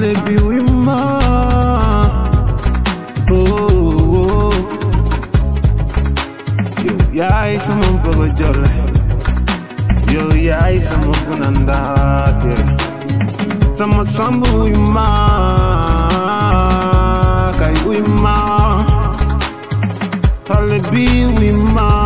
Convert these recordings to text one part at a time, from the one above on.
le bi wima oh, oh, oh Yo, ya isa mumpa go jole Yo, ya isa mumpa nandake Sama sambu wima Kai wima Hale bi wima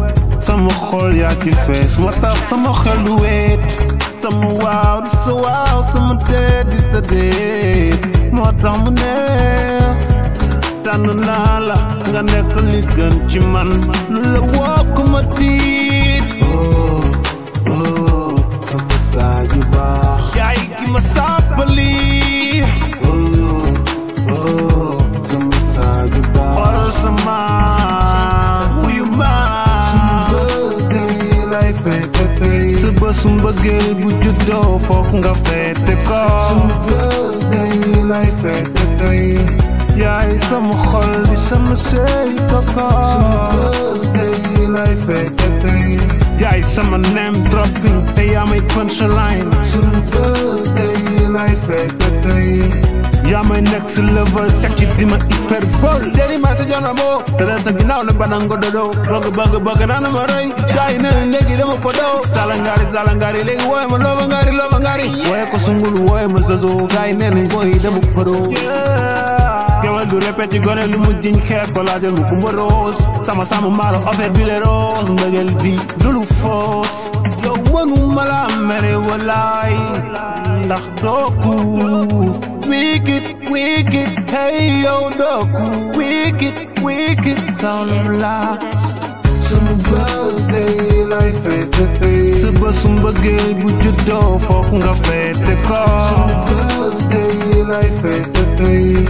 sama xol yaa ci fees moo tax sama xel du weet sama waaw di sa waaw sama dee di sa dee moo tax mu neex tànn naa la nga nekk li gën ci man lu la wokk ma tiit pépé suba su mbëggeel bu juddoo foog nga feete ko sunu bés day lay feete tey yaay sama xol di sama séeri koko sunu bés day lay feete tey yaay sama name dropping te yaa may punchline sunu bés day lay feete yaa my next si level teg ci di ma hyperbole seeni maa si jox na boo te leen sa ginnaaw la banaan do. dodoo bëgg bëgg bëgg naa na ma rey gaa yi nee na léegi dama fa daw salangaari salangaari léegi wooye ma looba ngaari looba ngaari wooye ko sungul wooye ma sosoo gaa yi nee nañ booy dama fa doo gewel du répète ci gone lu mu jiñ xeet ko laajal mu sama sama maalo offert bi le roos mbëggeel bi du lu foos yow mënu ma mere walaay ndax wicked, wicked. Hey, yo, dog, wicked, wicked. It's all them lies. Some girls, they like fake the thing. Suba, some girl, but you don't fuck nga car. Some girls, they like fake the thing.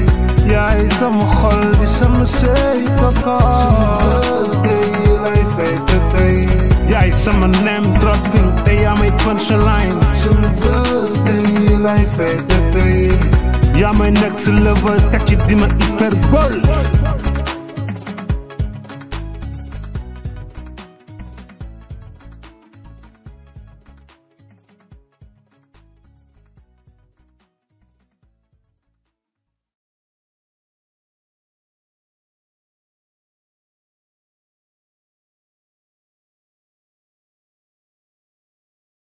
Yeah, it's some hole, it's some shade, kaka. Some girls, they like fake the thing. Yeah, it's some name dropping, they are my punchline. Some girls, they like fake the thing yaa my next level. level teg ci dima hyperbole